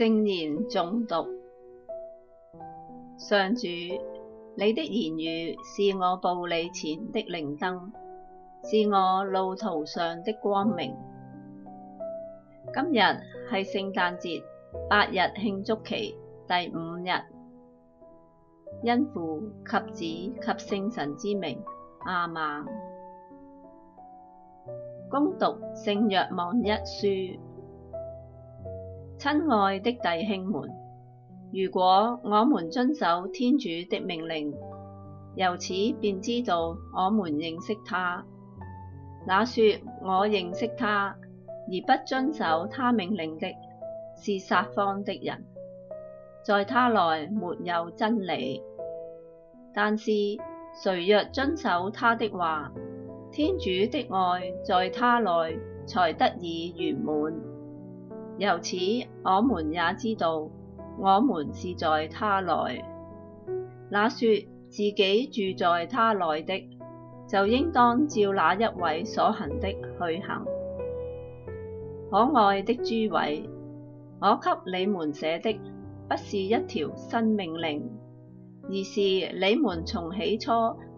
聖言誦讀，上主，你的言語是我步履前的靈燈，是我路途上的光明。今日係聖誕節八日慶祝期第五日，因父及子及聖神之名阿瑪，恭讀聖若望一書。親愛的弟兄們，如果我們遵守天主的命令，由此便知道我們認識他。那說我認識他而不遵守他命令的，是撒謊的人，在他內沒有真理。但是，誰若遵守他的話，天主的愛在他內才得以圓滿。由此，我們也知道我們是在他內。那説自己住在他內的，就應當照那一位所行的去行。可愛的諸位，我給你們寫的，不是一條新命令，而是你們從起初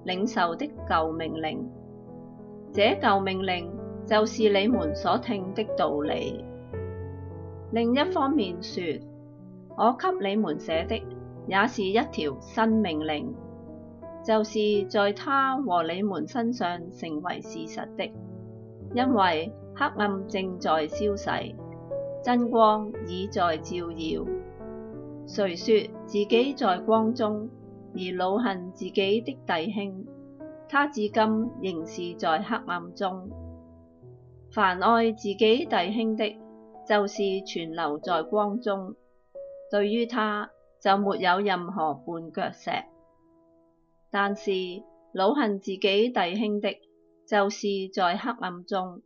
領受的舊命令。這舊命令就是你們所聽的道理。另一方面說，說我給你們寫的也是一條新命令，就是在他和你們身上成為事實的，因為黑暗正在消逝，真光已在照耀。誰說自己在光中，而惱恨自己的弟兄，他至今仍是在黑暗中。凡愛自己弟兄的，就是存留在光中，對於他就沒有任何絆腳石。但是惱恨自己弟兄的，就是在黑暗中，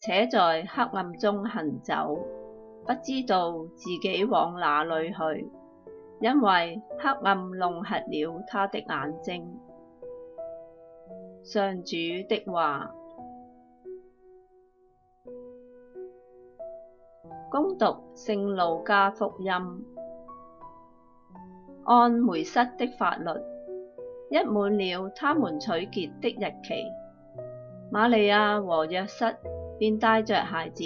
且在黑暗中行走，不知道自己往哪裏去，因為黑暗弄瞎了他的眼睛。上主的話。恭讀《聖路加福音》，按梅瑟的法律，一滿了他們取潔的日期，瑪利亞和若瑟便帶著孩子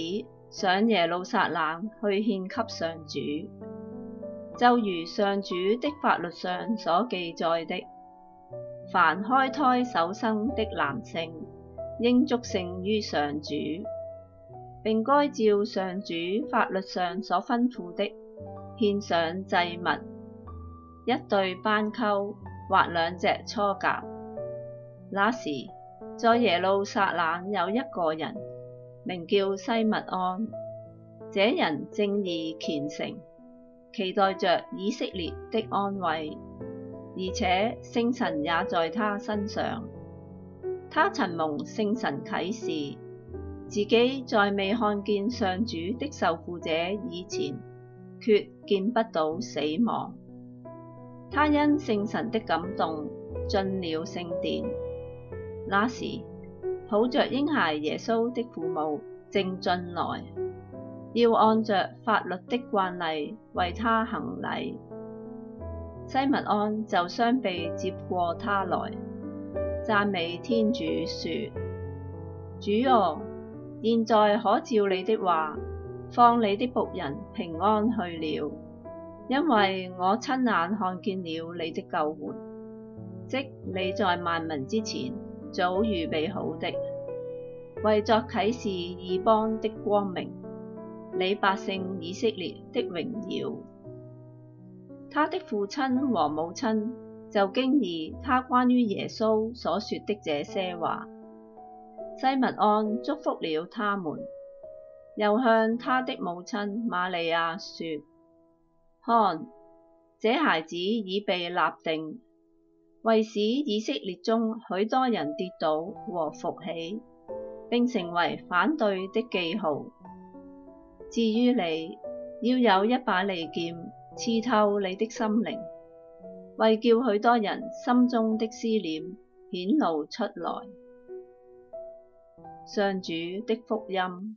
上耶路撒冷去獻給上主，就如上主的法律上所記載的，凡開胎首生的男性，應祝聖於上主。並該照上主法律上所吩咐的，獻上祭物，一對斑鳩或兩隻雛鴿。那時，在耶路撒冷有一個人，名叫西默盎，這人正義虔誠，期待着以色列的安慰，而且聖神也在他身上。他曾蒙聖神啟示。自己在未看見上主的受傅者以前，決見不到死亡。他因聖神的感動，進了聖殿，那時，抱着嬰孩耶穌的父母正進來，要按着法律的慣例為他行禮。西默盎就雙臂接過他來，讚美天主說：主啊！現在可照你的話，放你的僕人平安去了，因為我親眼看見了你的救援。即你在萬民之前早預備好的，為作啟示異邦的光明，你百姓以色列的榮耀。他的父親和母親就驚異他關於耶穌所說的這些話。西默盎祝福了他們，又向他的母親瑪利亞說，看，這孩子已被立定，為使以色列中許多人跌倒和復起，並成為反對的記號。至於你，要有一把利劍刺透你的心靈，為叫許多人心中的思念顯露出來。上主的福音。